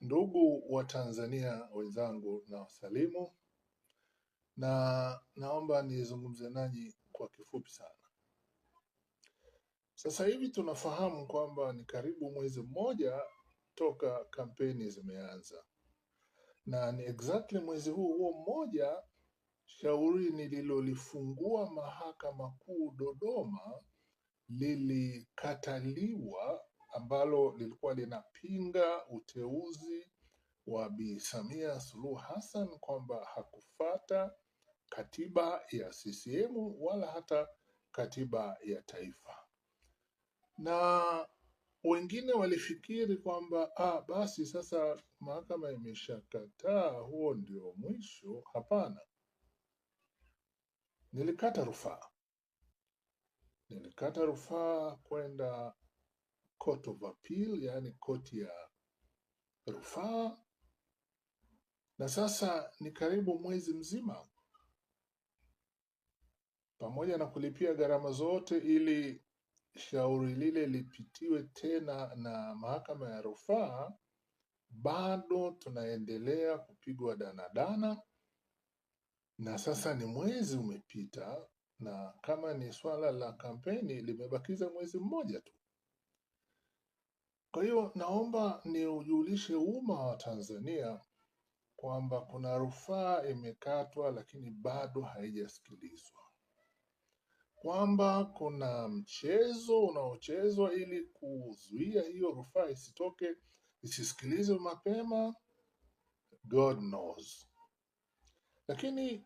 Ndugu wa Tanzania wenzangu, na wasalimu na naomba nizungumze nanyi kwa kifupi sana. Sasa hivi tunafahamu kwamba ni karibu mwezi mmoja toka kampeni zimeanza, na ni exactly mwezi huu huo mmoja shauri nililolifungua Mahakama Kuu Dodoma lilikataliwa ambalo lilikuwa linapinga uteuzi wa Bi Samia Suluhu Hassan kwamba hakufata katiba ya CCM wala hata katiba ya taifa, na wengine walifikiri kwamba ah, basi sasa mahakama imeshakataa, huo ndio mwisho. Hapana, nilikata rufaa, nilikata rufaa kwenda Court of Appeal, yaani koti ya rufaa, na sasa ni karibu mwezi mzima, pamoja na kulipia gharama zote ili shauri lile lipitiwe tena na mahakama ya rufaa, bado tunaendelea kupigwa danadana, na sasa ni mwezi umepita, na kama ni swala la kampeni limebakiza mwezi mmoja tu. Kwa hiyo naomba niujulishe umma wa Tanzania kwamba kuna rufaa imekatwa lakini bado haijasikilizwa, kwamba kuna mchezo unaochezwa ili kuzuia hiyo rufaa isitoke, isisikilizwe mapema, God knows. Lakini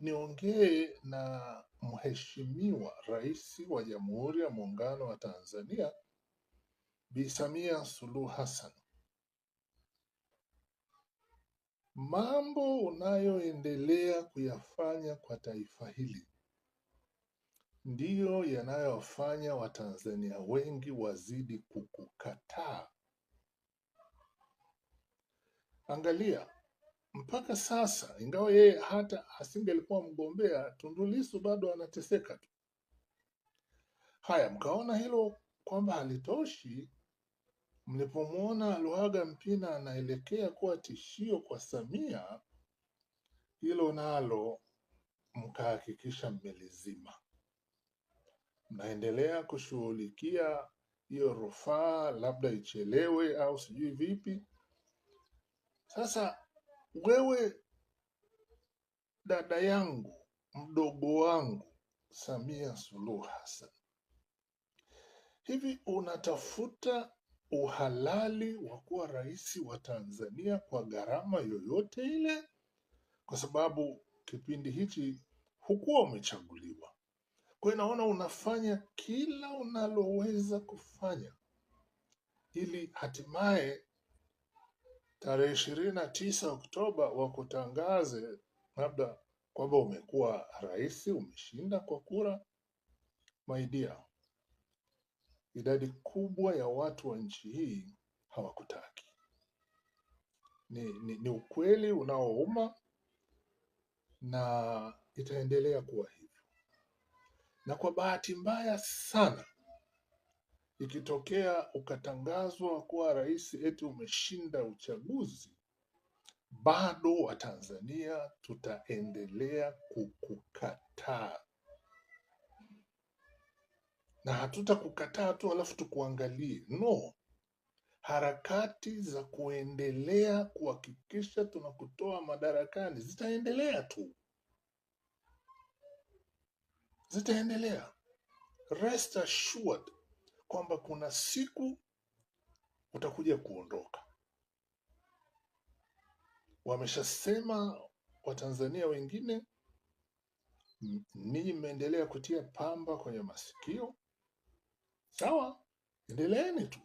niongee ni, ni, ni na Mheshimiwa Rais wa Jamhuri ya Muungano wa Tanzania Bi Samia Suluhu Hassan, mambo unayoendelea kuyafanya kwa taifa hili ndiyo yanayofanya Watanzania wengi wazidi kukukataa. Angalia mpaka sasa, ingawa yeye hata asingelikuwa mgombea, Tundu Lissu bado anateseka tu. Haya, mkaona hilo kwamba halitoshi, Mlipomwona Luhaga Mpina anaelekea kuwa tishio kwa Samia, hilo nalo mkahakikisha mmelizima. Mnaendelea kushughulikia hiyo rufaa, labda ichelewe au sijui vipi. Sasa wewe dada yangu mdogo wangu Samia Suluhu Hassan, hivi unatafuta uhalali wa kuwa rais wa Tanzania kwa gharama yoyote ile, kwa sababu kipindi hichi hukuwa umechaguliwa. Kwa hiyo naona unafanya kila unaloweza kufanya ili hatimaye tarehe ishirini na tisa Oktoba wakutangaze labda kwamba umekuwa rais, umeshinda kwa kura. My dear, idadi kubwa ya watu wa nchi hii hawakutaki. Ni, ni, ni ukweli unaouma na itaendelea kuwa hivyo, na kwa bahati mbaya sana ikitokea ukatangazwa kuwa rais eti umeshinda uchaguzi, bado Watanzania tutaendelea kuku na hatutakukataa tu alafu tukuangalie. No, harakati za kuendelea kuhakikisha tunakutoa madarakani zitaendelea tu, zitaendelea. Rest assured kwamba kuna siku utakuja kuondoka. Wameshasema Watanzania wengine, ninyi mmeendelea kutia pamba kwenye masikio Sawa, endeleeni tu,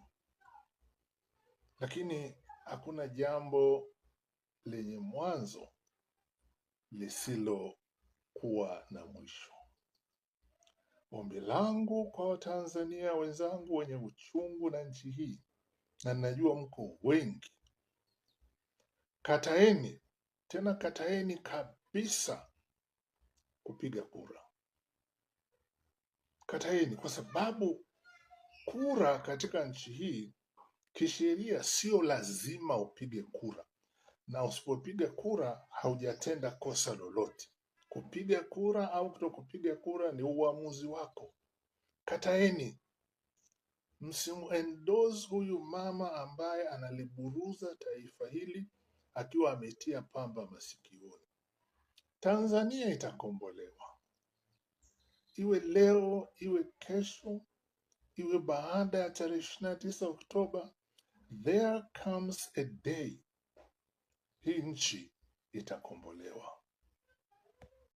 lakini hakuna jambo lenye mwanzo lisilokuwa na mwisho. Ombi langu kwa Watanzania wenzangu wenye uchungu na nchi hii, na najua mko wengi, kataeni tena, kataeni kabisa kupiga kura, kataeni kwa sababu kura katika nchi hii kisheria sio lazima upige kura, na usipopiga kura haujatenda kosa lolote. Kupiga kura au kuto kupiga kura ni uamuzi wako. Kataeni, msimuendoze huyu mama ambaye analiburuza taifa hili akiwa ametia pamba masikioni. Tanzania itakombolewa, iwe leo iwe kesho iwe baada ya tarehe 29 Oktoba, there comes a day, hii nchi itakombolewa.